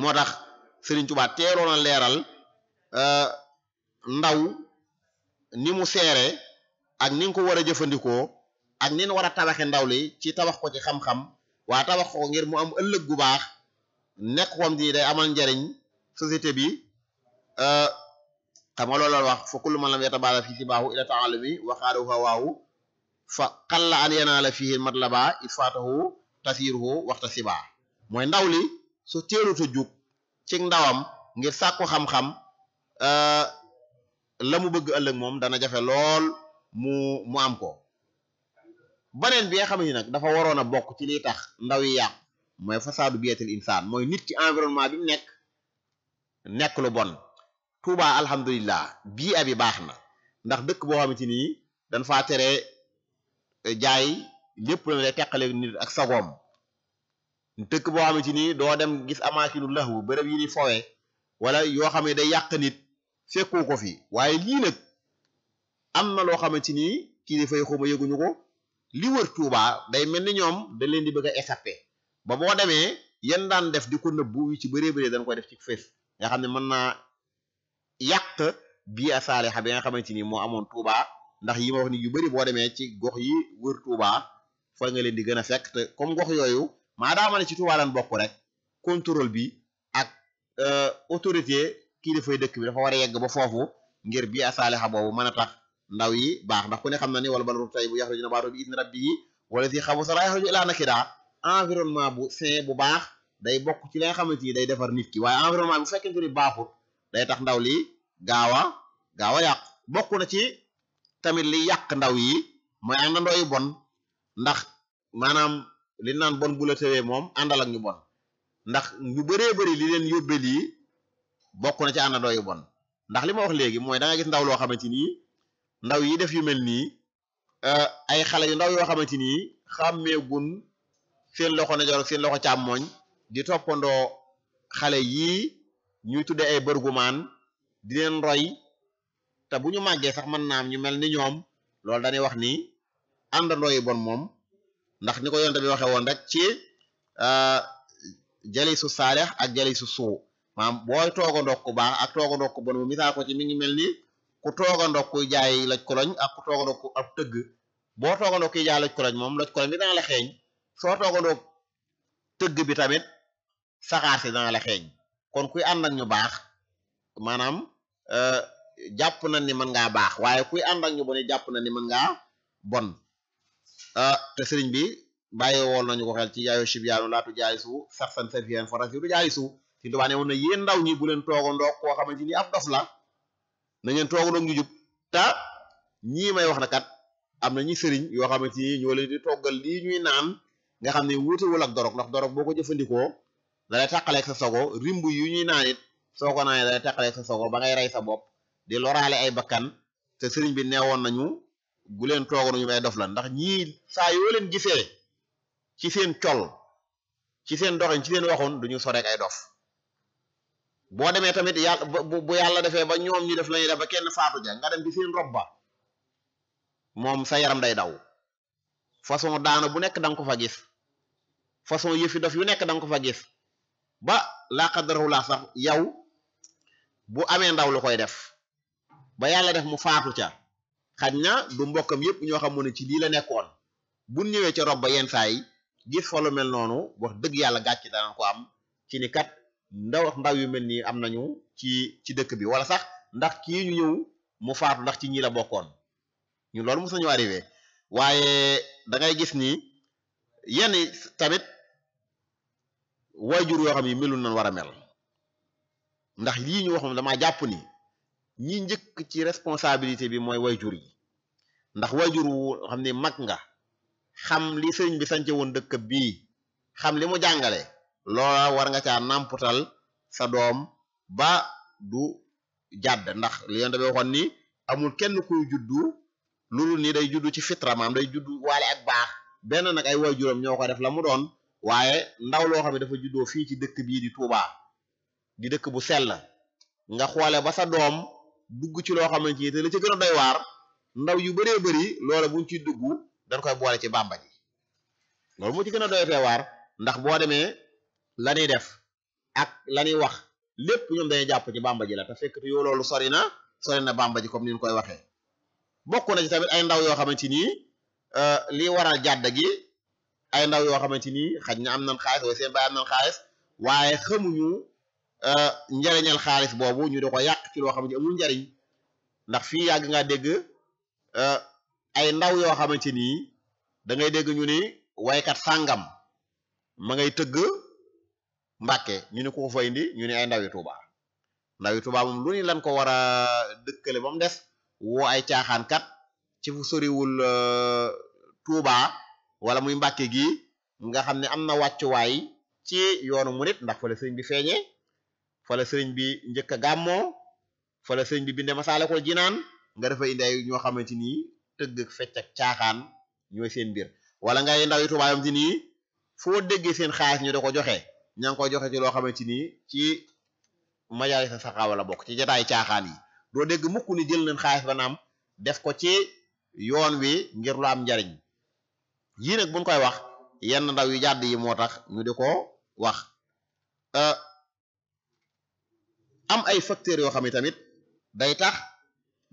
Speaker 2: moo tax Sëriñ Tuubaa teeroon a leeral euh, ndaw ni mu seere ak ni ko war a jëfandikoo ak ni ñu war a tabaxe ndaw li ci tabax ko ci xam-xam waa tabax ko ngir mu am ëllëg gu baax nekk wam di day amal njariñ société bi euh, xam nga loolu wax fa kullu man lam yatabaada fii si baaxu ila taalumi waxaaru hawaahu fa xalla an yanaala fii matlaba ifaatahu tasiiruhu waxta sibaa mooy ndaw li su teelut a jug ci ndawam ngir sàkku xam-xam euh, la mu bëgg ëllëg moom dana jafe lool mu mu am ko beneen bi nga xam ne nag dafa waroon a bokk ci liy tax ndaw yi mooy fasaadu biyeetal insaan mooy nit ci environnement bi mu nekk nekk lu bon Touba alhamdulilah bii abi baax na ndax dëkk boo xamante ni dañ faa tere eh, jaay lépp la lay teqale nit ak sagoom dëkk boo xamante ni doo dem gis amaakinu lahwu bërëb yi ni fowe wala yoo xam ne day yàq nit fekkoo ko fi waaye lii nag am na loo xamante ni kii dafay xuma yëguñu ko li wër Touba day mel ni ñoom da leen di bëgg a échapper ba boo demee yan daan def di ko nëbbu yi ci bëree bëree dañ koy def ci fees nga xam ne mën naa yàq bii asaaleha bi nga xamante ni moo amoon Touba ndax yi ma wax ni yu bëri boo demee ci gox yi wër Touba fa nga leen di gën a fekk comme gox yooyu maadaama ne ci Touba lan bokk rek contrôle bi ak euh, autorité kii dafay dëkk bi war a yegg ba foofu ngir bii asaaleha boobu mën a tax. ndaw yi baax ndax ku ne xam na ni wala bal ruub tey bu yaxruju nabaatu bi idni rabbi yi wala si xabu sa laa yaxruju ilaa nakida bu sain bu baax day bokk ci li nga xamante ni day defar nit ki waaye environnement bu fekkente ni baaxut day tax ndaw li gaaw a gaaw a yàq bokk na ci tamit li yàq ndaw yi mooy àndandoo yu bon ndax maanaam li naan bon bu la moom àndal ak ñu bon ndax ñu bëree bëri li leen yóbbee lii bokk ci àndandoo yu bon ndax ma wax léegi mooy da gis ndaw loo xamante ni ndaw yi def yu mel nii euh, ay xale yu ndaw yoo xamante nii xàmmeegun seen loxo ndijoor seen loxo càmmooñ di toppandoo xale yii ñuy tuddee ay bërgumaan di leen roy te bu ñu màggee sax man naam ñu mel ni ñoom loolu dañuy wax ni àndandoo yi bon moom ndax ni ko yonte bi waxee woon rek ci euh, jali su saaleex ak jali su suu maam booy toogandoo ku baax ak toogandoo ku bon mu misaal ko ci mi ngi mel nii ku toogandoo kuy jaay laj koloñ ak ku toogandoo ku ab tëgg boo toogandoo kuy jaay laj koloñ moom laj koloñ bi dana la xeeñ soo toogandoo tëgg bi tamit saxaar si dana la xeeñ kon kuy ànd ak ñu baax maanaam euh, jàpp na ni mën ngaa baax waaye kuy ànd ñu bon jàpp na ni mën ngaa bon euh, te sëriñ bi bàyyi nañu ko xel ci yaayo shib laatu jaay su sax san sa fiyen fara si du jaay su si tubaane woon na yéen ndaw ñi bu leen toogandoo koo xamante ni ab dof la na ngeen toog doog ñu jub te ñii may wax na kat am na ñi sëriñ yoo xamante ni ñoo leen di toggal lii ñuy naan nga xam ne wuutewul ak dorog ndax dorog boo ko jëfandikoo da lay tàqaleeg sa sogo rimb yu ñuy naan it soo ko naanee da lay tàqaleeg sa sogo ba ngay rey sa bopp di loraale ay bakkan te sëriñ bi neewoon nañu gu leen toogoon ñu may dof la ndax ñii saa yoo leen gisee ci seen col ci seen doxin ci seen waxoon duñu soreek ay dof boo demee tamit yàlla bu yàlla defee ba ñoom ñu def la ñuy def ba kenn faatu ja nga dem di seen rob ba moom sa yaram day daw façon daana bu nekk danga ko fa gis façon yëfi dof yu nekk danga ko fa ba laa xadarahu sax yow bu amee ndaw lu koy def ba yàlla def mu faatu ca xaj na du mbokkam yépp ñoo xam ne ci lii la nekkoon bu ñëwee ca rob ba yenn saay gis fa lu mel noonu wax dëgg yàlla gàcc dana ko am ci ni kat ndaw ndaw yu mel nii am nañu ci ci dëkk bi wala sax ndax kii ñu ñëw mu faatu ndax ci ñii la bokkoon ñu loolu mos nañu arrivé waaye dangay gis ni yenn tamit waajur yoo xam yi melu nañ war a mel ndax lii ñu wax damaa jàpp ni ñi njëkk ci responsabilité bi mooy way jur yi ndax waajur wu xam ne mag nga xam li sëriñ bi sance woon dëkk bii xam li mu jàngale loola war nga caa nàmputal sa doom ba du jàdd ndax li yonte bi waxoon ni amul kenn kuy juddu loolu ni day juddu ci fitra maam day juddu waale ak baax benn nag ay waajuram ñoo ko def la mu doon waaye ndaw loo xam ne dafa juddoo fii ci dëkk bii di Touba di dëkk bu sell nga xoole ba sa doom dugg ci loo xamante ni te li ci gën a doy waar ndaw yu bëree bëri loola buñ ci dugg dañ koy boole ci bàmba ji loolu moo ci gën a doy waar ndax boo demee la ñuy def ak la wax lépp ñoom dañuy jàpp ci bàmba ji la te fekk yoo loolu sori na sori na bàmba ji comme ni ñu koy waxee bokk na ci tamit ay ndaw yoo xamante ni euh, li waral jàdd gi ay ndaw yoo xamante ni xaj na am nan xaalis waaye seen baay am nan xaalis waaye xamuñu euh, njariñal xaalis boobu ñu di ko yàq ci loo xamante ni amul njariñ ndax fii yàgg ngaa dégg euh, ay ndaw yoo xamante ni da ngay dégg ñu ni waykat sàngam ma ngay tëgg Mbàkke ñu ne ko fa indi ñu ne ay ndawi Tuuba ndawi Tuuba moom lu ni lan ko war a dëkkale ba mu des woo ay caaxaankat ci fu soriwul euh, Tuuba wala muy Mbàkke gi nga xam ne am na wàccuwaay ci yoonu murit ndax fa la bi feeñee fa la sëriñ bi njëkk a gàmmoo fa la sëriñ bi binde Masaalikul Jinaan nga dafa indi ay ñoo xamante ni tëgg ak fecc ak caaxaan ñooy seen mbir wala ngay ndawi Tuuba yom ci nii foo déggee seen xaalis ñu da ko joxe. ña ngi koy joxe ci loo xamante ni ci majaay sa saxaawa la bokk ci jataay caaxaan yi doo dégg mukk ni jël nañ xaalis ba naam def ko ci yoon wi ngir lu am njariñ yii nag buñ koy wax yenn ndaw yu jàdd yi moo tax ñu di ko wax euh, am ay facteurs yoo xam ne day tax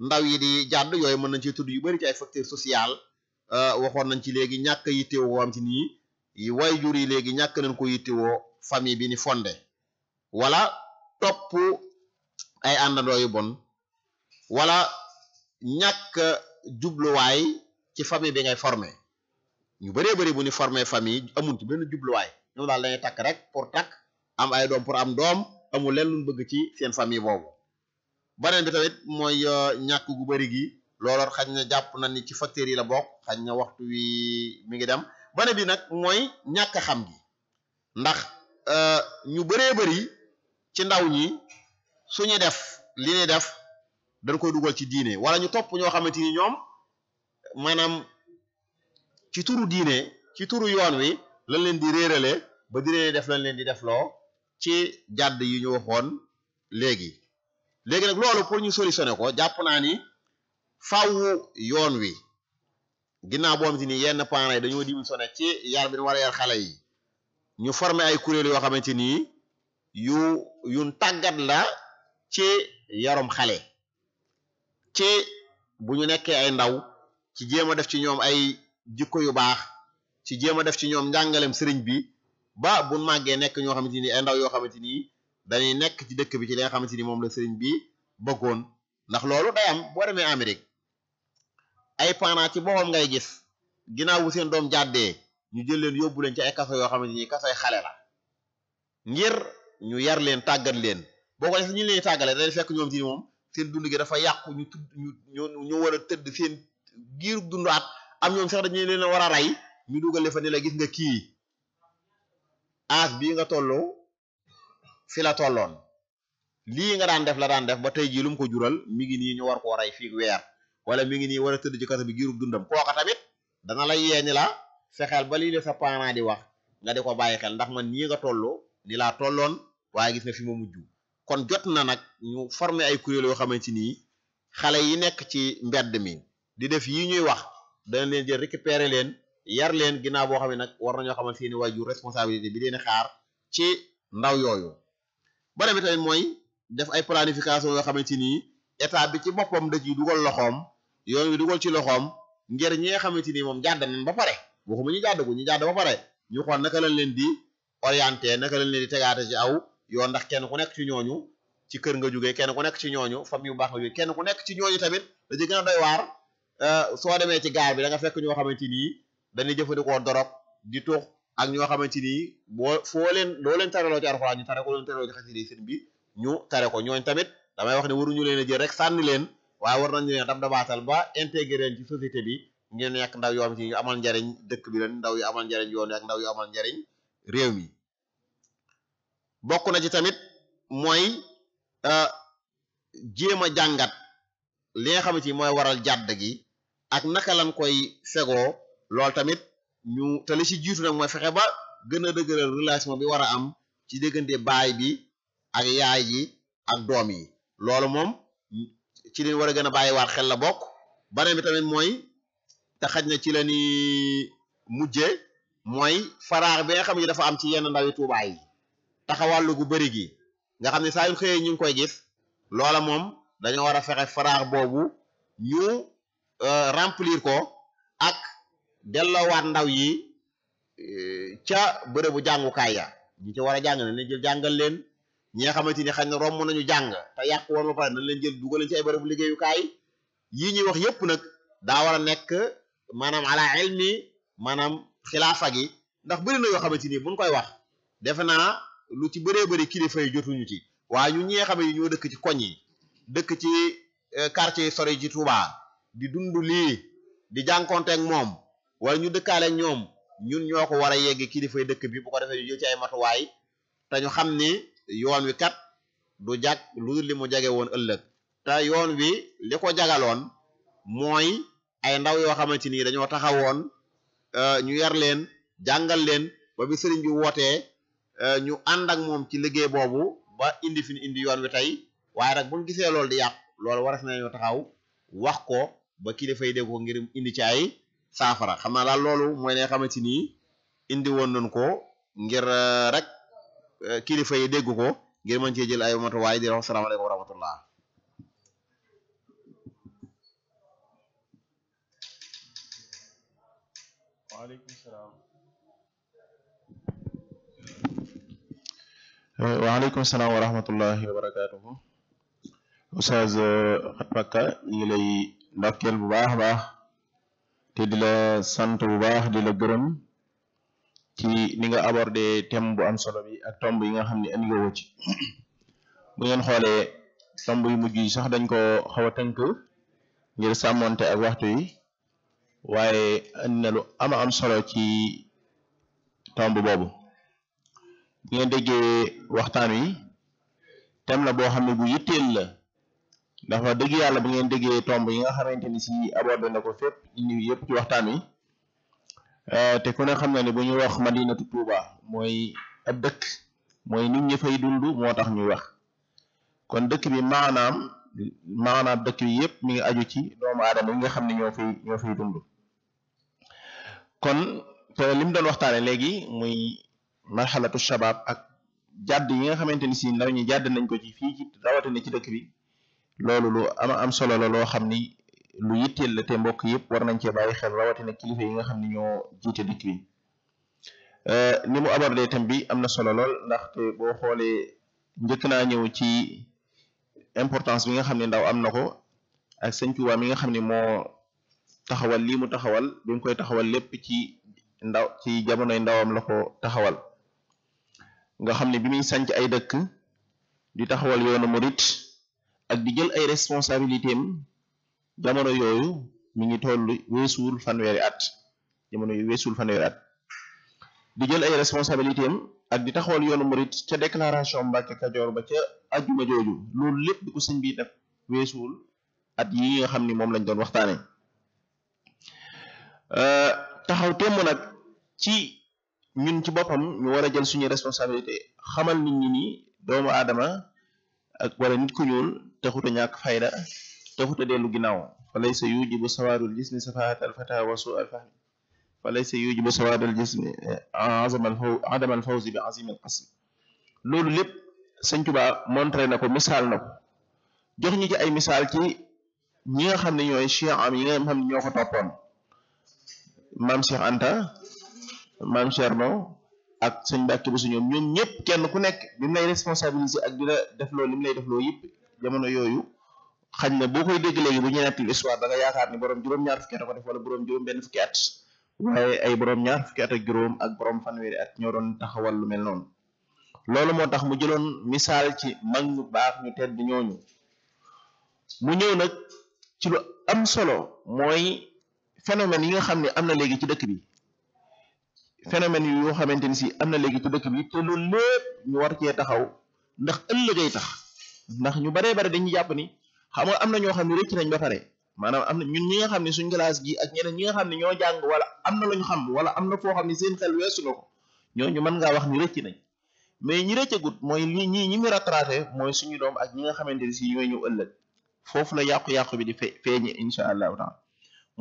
Speaker 2: ndaw yi di jàdd yooyu mën nañ ci tudd yu bari ci ay facteur social euh, waxoon nañ ci léegi ñàkk a yittewoo am ci nii waay jur yi léegi ñàkk nañ ko yittewoo famille bi ni fondé wala topp ay àndandoo yu bon wala ñàkk jubluwaay ci famille bi ngay formé ñu bëree bari bu ñu formé famille amul ci benn jubluwaay ñoom daal dañuy takk rek pour takk am ay doom pour am doom amul leen luñ bëgg ci seen famille boobu beneen bi tamit mooy euh, ñàkk gu bari gi loolu xañ na jàpp na ni ci facteur yi la bokk xañ na waxtu wi mu ngi dem beneen bi nag mooy ñàkk xam gi ndax Euh, ñu bëree bëri ci ndaw ñi su ñu def li ñuy def dañ koy dugal ci diine wala ñu topp ñoo xamante ni ñoom maanaam ci turu diine ci turu yoon wi lañ leen di réerale ba di leen def lañ leen di def loo ci jàdd yi ñu waxoon léegi léegi nag loolu pour ñu solutionné ko jàpp naa ni faaw yoon wi ginnaaw boo xamante ni yenn parents yi dañoo sone ci yar bi ñu war a yar xale yi. ñu formé ay kuréel yoo xamante ni yu yu tàggat la ci yarum xale ci bu ñu nekkee ay ndaw ci jéem a def ci ñoom ay jikko yu baax ci jéem a def ci ñoom njàngaleem sëriñ bi ba bu màggee nekk ñoo xamante ni ay ndaw yoo xamante ni dañuy nekk ci dëkk bi ci li nga xamante ni moom la sëriñ bi bëggoon ndax loolu day am boo demee Amérique ay parents ci boppam ngay gis ginnaaw bu seen doom jàddee. ñu jël leen yóbbu leen ci ay kaso yoo xamante ni kasoy xale la ngir ñu yar leen tàggat leen boo ko defee ñu leen fekk ñoom ci moom seen gi dafa yàqu ñu tudd ñu war a tëdd seen giirub dundaat am ñoom sax dañu leen war a rey ñu dugale fa ni la gis nga kii aas bii nga tolloo fi la tolloon lii nga daan def la daan def ba tey jii lu mu ko jural mi ngi nii ñu war koo rey fii weer wala mi ngi nii war a tëdd ci kaso bi giirub dundam kooka tamit dana la yeeni la fexeel ba lii la sa parent di wax nga de ko bàyyi xel ndax man nii nga tolloo ni laa tolloon waaye gis nga fi ma mujj kon jot na nag ñu forme ay kuréel yoo xamante nii xale yi nekk ci mbedd mi di def yi ñuy wax dana leen jël récupérer leen yar leen ginnaaw boo xam ne nag war na nañoo xamal seeni waajur responsabilité bi leen xaar ci ndaw yooyu ba demee tamit mooy def ay planification yoo xamante ni état bi ci boppam da ciy dugal loxoom yooyu wi dugal ci loxoom ngir ñi nga xamante ni moom jàdd nañ pare. waxuma ñu jàddu ñu jàdd ba pare ñu xool naka lañ leen di orienté naka lañ leen di tegaate ci aw yoon ndax kenn ku nekk ci ñooñu ci kër nga jógee kenn ku nekk ci ñooñu fam yu baax nga kenn ku nekk ci ñooñu tamit da ci gën a euh, soo demee ci gaar bi da nga fekk ñoo xamante ni dañuy jëfandikoo dorog di tux ak ñoo xamante ni boo foo leen loo leen tareloo ci alxuraan ñu tare ko leen tareloo ci xasida sëriñ bi ñu tare ko ñooñ tamit damay wax ne waruñu leen a jël rek sànni leen waaye war nañu leen dab dabaatal ba intégré leen ci société bi ngeen nekk ndaw yoo xam te ñu amal njariñ dëkk bi leen ndaw yu amal njariñ yoon ak ndaw yu réew mi bokk na ci tamit mooy euh, jéem a jàngat li nga xamante ni mooy waral jàdd gi ak naka lan koy fegoo loolu tamit ñu te li ci jiitu nag mooy fexe ba gën a dëgëral relation bi war a am ci diggante baay bi ak yaay ji ak doom yi loolu moom ci leen war a gën a bàyyi waat xel la bokk beneen bi tamit mooy te xaj na ci la ni mujje mooy faraax bi nga xam ne dafa am ci yenn ndawi Tuubaa yi taxawàllu gu bari gi nga xam ne saa yu xëyee ñu ngi koy gis loola moom dañoo war a fexe faraax boobu ñu euh, remplir ko ak delloowaat ndaw yi euh, ca bërëbu jàngukaay ya ñi ci war a jàng nañ jël jàngal leen ñi nga xamante ni xañ na romb nañu jàng te yàq woon ba pare nañ leen jël dugal leen ci ay bërëbu liggéeyukaay yi ñuy wax yépp nag daa war a nekk maanaam ala ilmi maanaam xilaafa gi ndax bëri na yoo xamante ni buñ koy wax defe naa lu ci bëree bëri kilifa yi jotuñu ci waa ñu ñi nga xam ne ñoo dëkk ci koñ yi dëkk ci eh, quartier yi sori ci Touba di dund lii di jànkonteeg moom wala ñu dëkkaale ñoom ñun ñoo ko war a yegg kilifa dëkk bi bu ko defee ñu jël ci ay matuwaay te ñu xam ni yoon wi kat du jag lu li mu jage woon ëllëg te yoon wi li ko jagaloon mooy ay ndaw yoo xamante ni dañoo taxawoon euh, ñu yar leen jàngal leen ba bi sëriñ bi wootee euh, ñu ànd ak moom ci liggéey boobu ba indi fi ñu indi yoon wi tey waaye rek bo ñu gisee loolu di yàq loolu waras nañoo taxaw wax ko ba kilifa yi dégg ko ngir indi ci saafara xam naa daal loolu mooy ne xamante ni indi woon nañ ko ngir euh, rek kilifa yi dégg ko ngir mën cee jël ay
Speaker 1: matuwaay di wax salaamaaleykum wa
Speaker 3: rahmatullah waaleykum salaam. Eh, waaleykum salaam wa rahmatullahi wa barakaatuhu. Oustaz Khat eh, Pakka ñu ngi lay ndokkeel bu baax a baax te di la sant bu baax di la gërëm ci ni nga abordé thème bu am solo bi ak tomb yi nga xam ne indi nga woo bu ngeen xoolee tomb yu mujj yi sax dañ ko xaw a tënk ngir sàmmonte ak waxtu yi. waaye indi na lu ama am solo ci tomb boobu bi ngeen déggee waxtaan wi tem la boo xam ne bu yitteel la ndax wax dëgg yàlla bu ngeen déggee tomb yi nga xamante ni si abordé na ko fépp indi yëpp ci waxtaan wi euh, te ku ne xam na ne bu ñu wax madinatu Touba mooy ab dëkk mooy nit ñi fay dund moo tax ñuy wax kon dëkk bi maanaam maanaam dëkk yi yëpp mi ngi aju ci doomu aadama yi nga xam ne ñoo fiy ñoo fiy dund kon te li mu doon waxtaane léegi muy marxalatu shabab ak jàdd yi nga xamante ni si ndaw ñi jàdd nañ ko ci fii ci rawatina ci dëkk bi loolu lu ama am solo la loo xam ni lu yitteel la te mbokk yëpp war nañ cee bàyyi xel rawatina kilifa yi nga xam ne ñoo jiite dëkk bi ni mu abordé thème bi am na solo lool ndaxte boo xoolee njëkk naa ñëw ci importance bi nga xam ne ndaw am na ko ak sëñ Tuubaa mi nga xam ne moo taxawal lii mu taxawal bi koy taxawal lépp ci ndaw ci jamonoy ndawam la ko taxawal nga xam ne bi muy sanc ay dëkk di taxawal yoonu murit ak di jël ay responsabilité am jamono yooyu mi ngi toll weesuwul fanweeri at weesuwul fanweeri at di jël ay responsabilité ak di taxawal yoonu murit ca déclaration Mbàkke Kajoor ba ca ajjuma jooju loolu lépp di ko sëñ bi def weesuwul at yi nga xam ni moom lañ doon waxtaane euh, taxaw temm nag ci ñun ci boppam ñu war a jël suñu responsabilité xamal nit ñi ni doomu aadama ak wala nit ku ñuul taxuta ñàkk fayda taxuta dellu ginnaaw fa laysa yujibu sawaadul jismi safaatal fata wa su al fahmi fa laysa yujibu sawaad al jismi azam al faw adam al fawzi bi azim al loolu lépp sëñ Tuubaa montré na ko misaal na ko jox ñu ci ay misaal ci ñi nga xam ne ñooy cheikh am yi nga xam ne ñoo ko toppoon maam Cheikh Anta maam Cherno ak sëñ Mbàkke Buso ñoom ñoom ñëpp kenn ku nekk li mu lay responsabiliser ak di la def loolu li mu lay def loolu yëpp jamono yooyu xañ na boo koy dégg léegi bu ñu nettali histoire da yaakaar ni borom juróom-ñaar fukki at ko def wala borom juróom benn fukki at waaye ay boroom ñaar fukki at ak juróom ak borom fanweeri at ñoo doon taxawal lu mel noonu loolu moo tax mu jëloon misaal ci mag ñu baax ñu tedd ñooñu mu ñëw nag ci lu am solo mooy phénomène yi nga xam ne am na léegi ci dëkk bi phénomène yu yoo xamante ni si am na léegi ci dëkk bi te loolu lépp ñu war cee taxaw ndax ëllëgay tax ndax ñu baree bare dañu jàpp ni xam nga am na ñoo xam ne rëcc nañ ba pare maanaam am na ñun ñi nga xam ne suñ classe gi ak ñeneen ñi nga xam ne ñoo jàng wala am na lu xam wala am na foo xam ne seen xel weesu na ko ñooñu mën ngaa wax ni rëcc nañ mais ñi rëccagut mooy li ñi ñi mu rattrapé mooy suñu doom ak ñi nga xamante ne si ñooy ñëw ëllëg foofu la yàqu-yàqu bi di fe feeñe incha allahu taala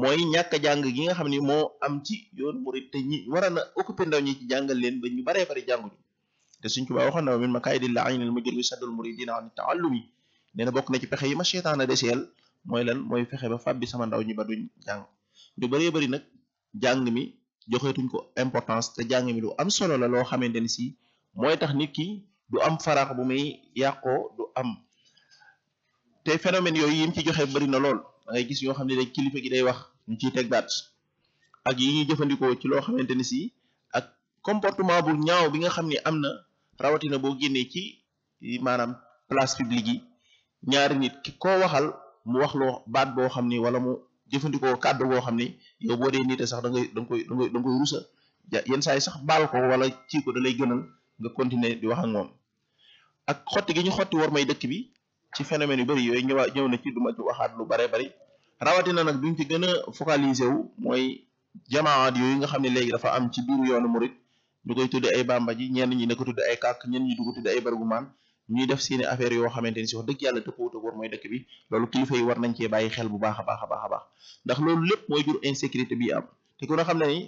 Speaker 3: mooy ñàkk jàng gi nga xam ni moo am ci yoon murid te ñi war a na occupé ndaw ñi ci jàngal leen ba ñu baree bari jànguñu te suñ Tuubaa waxoon na min makaayidil laa'inil mujrim saddul muridina an taallumi nee na bokk na ci pexe yi ma seytaane deseel mooy lan mooy fexe ba fàbbi sama ndaw ñi ba duñ jàng ñu bëree bëri nag jàng mi joxeetuñ ko importance te jàng mi lu am solo la loo xamante ni si mooy tax nit ki du am faraax bu may yàqoo du am te phénomène yooyu yim ci joxe bëri na lool da gis yoo xam ne day kilifa gi day wax ñu ciy teg baat ak yi ñuy jëfandikoo ci loo xamante ni si ak comportement bu ñaaw bi nga xam ne am na rawatina boo génnee ci maanaam place publique yi ñaari nit ki waxal mu wax loo baat boo xam ni wala mu jëfandikoo kàddu boo xam ni yow boo dee nite sax da ngay da koy da nga da nga koy rusa yenn saa yi sax baal ko wala ci ko da lay gënal nga continuer di wax ak moom ak xotti gi ñu xotti war may dëkk bi ci phénomène yu bëri yooyu ñëwa ñëw na ci duma ci waxaat lu bare bari rawatina nag duñ ci gën a focaliser wu mooy jamaat yooyu nga xam ne léegi dafa am ci biiru yoonu murit ñu koy tudde ay bàmba ji ñenn ñi ne ko tudde ay kàkk ñenn ñi du ay tudde gu bargumaan ñuy def seeni affaire yoo xamante ni soo wax dëgg yàlla dëppoo war mooy dëkk bi loolu kilifa yi war nañ cee bàyyi xel bu baax a baax a baax ndax loolu lépp mooy insécurité bi am te ku ne xam ne ni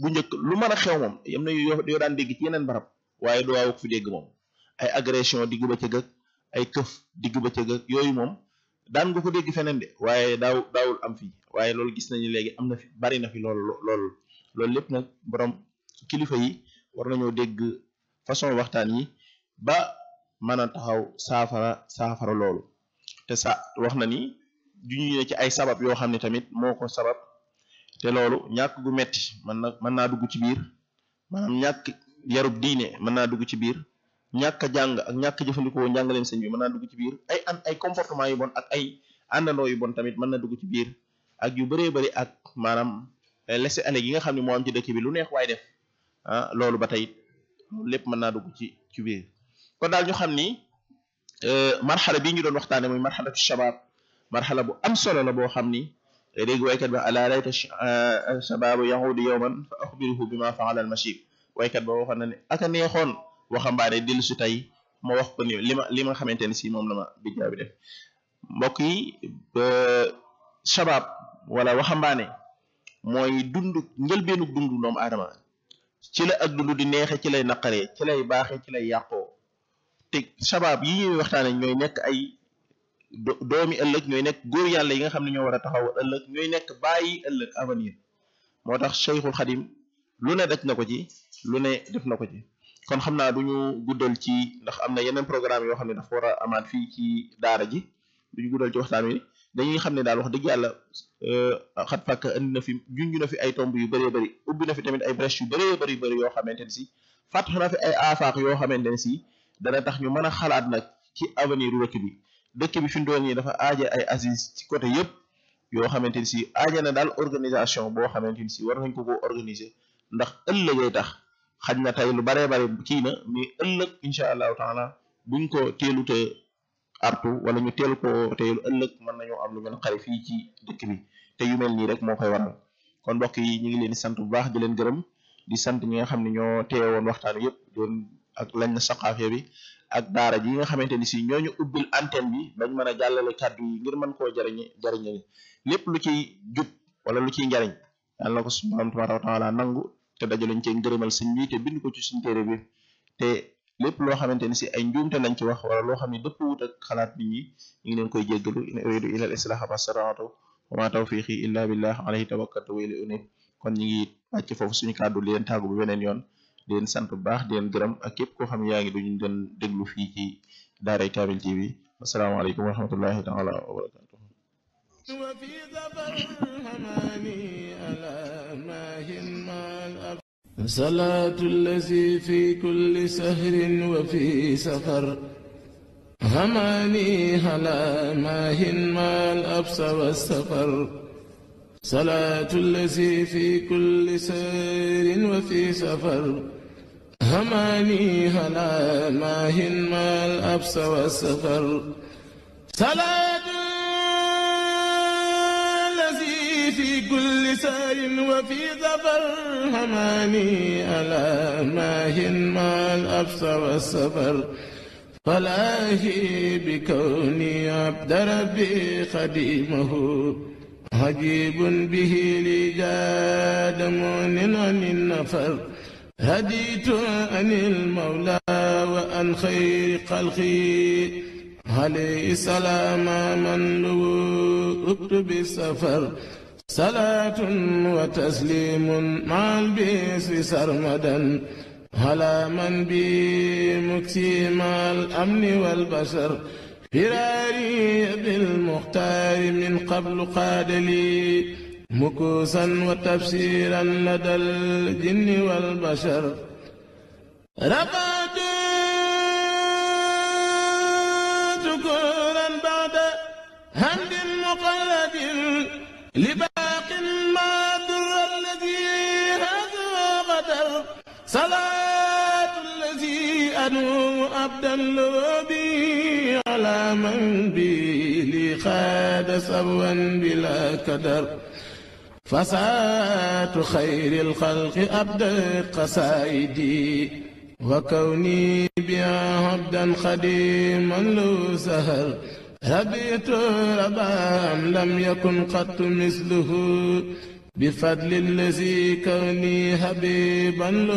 Speaker 3: bu njëkk lu mën a xew moom yam na yoo daan dégg ci yeneen barab waaye du waaw fi dégg moom ay agression diggu bëccëg ak ay këf diggu bëccëg ak yooyu moom daan nga ko dégg feneen de waaye daaw daawul am fii waaye loolu gis nañu léegi am na fi bari na fi lool lool loolu lépp nag borom kilifa yi war nañoo dégg façon waxtaan yi ba mën a taxaw saafara saafara loolu te sa wax na ni juñu ne ci ay sabab yoo xam ne tamit moo ko sabab te loolu ñàkk gu metti mën na mën naa dugg ci biir maanaam ñàkk yarub diine mën naa dugg ci biir ñàkk jàng ak ñàkk jëfandikoo njàngaleem sëñ bi mën naa dugg ci biir ay ay comportement yu bon ak ay àndandoo yu bon tamit mën na dugg ci biir ak yu bëree bëri ak maanaam eh, lesse aller gi nga xam ne moom am ci dëkk bi lu neex waaye def ah loolu ba tey lépp mën naa dugg ci ci biir kon daal ñu xam ni euh, marxala bii ñu doon waxtaane muy marxalatu shabaab marxala bu am solo la boo xam ni léegi waykat ba ala layta euh, shabaabu yahudu yowman fa axbiruhu bi ma faala waykat ba waxoon na ne aka neexoon waxambaane dellu si tey ma wax ko ni li ma li xamante ne si moom la ma bijjaa bi yi shabaab wala waxambaane mooy dund njëlbeenug dundu doomu aadama ci la ak dund di neexe ci lay naqaree ci lay baaxee ci lay yàqoo te shabaab yi ñuy waxtaane ñooy nekk ay doomi ëllëg ñooy nekk góor yàlla yi nga xam ne ñoo war a taxaw ëllëg ñooy nekk bàyyi ëllëg avenir moo tax Cheikhul Xadim lu ne daj na ko ci lu ne def na ko ci kon xam naa du ñu guddal ci ndax am na yeneen programme yoo xam ne dafa war a amaat fii ci daara ji du ñu guddal ci waxtaan wi dañuy xam ne daal wax dëgg yàlla euh, xat fàkk indi na fi junj na fi ay tomb yu bëree bëri ubbi na fi tamit ay brèche yu bëree bëri bëri yoo xamante ne si fàttax na fi ay afaaq yoo xamante ne si dana tax ñu mën a xalaat nag ci avenir dëkk bi dëkk bi fi mu toll nii dafa aje ay assises ci côté yëpp yoo xamante ni si aaja na daal organisation boo xamante ni si war nañ ko ko organiser ndax ëllëgay tax xaj na tey lu baree bare kii na mais ëllëg incha allahu taala buñ ko teelu te artu wala ñu teel ko teelu ëllëg mën nañoo am lu mel xare fii ci dëkk bi te yu mel nii rek moo koy waral kon mbokk yi ñu ngi leen sant bu baax di leen gërëm di sant ñi nga xam ne ñoo teewoon waxtaan yëpp ak lañ na saqaafiya bi ak daara yi nga xamante ni si ñooñu ubbil antenne bi bañ mën a jàllale kàddu yi ngir man koo jariñ jariñe ni lépp lu ciy jub wala lu ciy njariñ yàlla na ko suñu borom nangu te dajaloñ ci ngërëmal sëñ bi suñ te lépp loo xamante ni si ay njuumte lañ ci wax wala loo xam ne dëpp wut ak xalaat nit ñi ñu ngi leen koy jéggalu in uridu ila al islaha mastata'tu wa ma tawfiqi illa billah alayhi tawakkaltu wa ilayhi unib kon ñu ngi wàcc foofu suñu kàddu leen tàggu bu beneen yoon di leen sant bu baax di leen gërëm ak képp koo xam yaa ngi duñu doon déglu fii ci daaray Kaamil TV asalaamaaleykum wa rahmatullahi taala wa barakatuhu وفي ظفر
Speaker 1: الهمان على ماهن مال صلاة الذي في كل سهر وفي سفر هماني هلا ماهن ما الأبس والسفر صلاة الذي في كل سهر وفي سفر هماني هنا ماهن ما الأبس والسفر صلاة الذي في كل سار وفي ظفر هماني ألا ماهن ما الأبس والسفر فلاهي بكوني عبد ربي خديمه عجيب به لجاد مؤمن عن النفر هديت أن المولى وأن خير خلقي عليه السلام من له أكتب السفر صلاة وتسليم مع البيس سرمدا على من بي مكسيم الأمن والبشر فراري بالمختار من قبل قاد لي مكوسا وتفسيرا لدى الجن والبشر رفعت شكورا بعد همد مقلد لباق ما در الذي هذا غدر صلاة الذي أنوم أبدا لربي على من بي لي خاد سبوا بلا كدر fasaatu xayril xalqi abdat xasaayidi wa kawni bi abdan xadiman lu sahal rabitu rabaam lam yakun qattu misluhu bi fadli lazi kawni habiban
Speaker 3: lu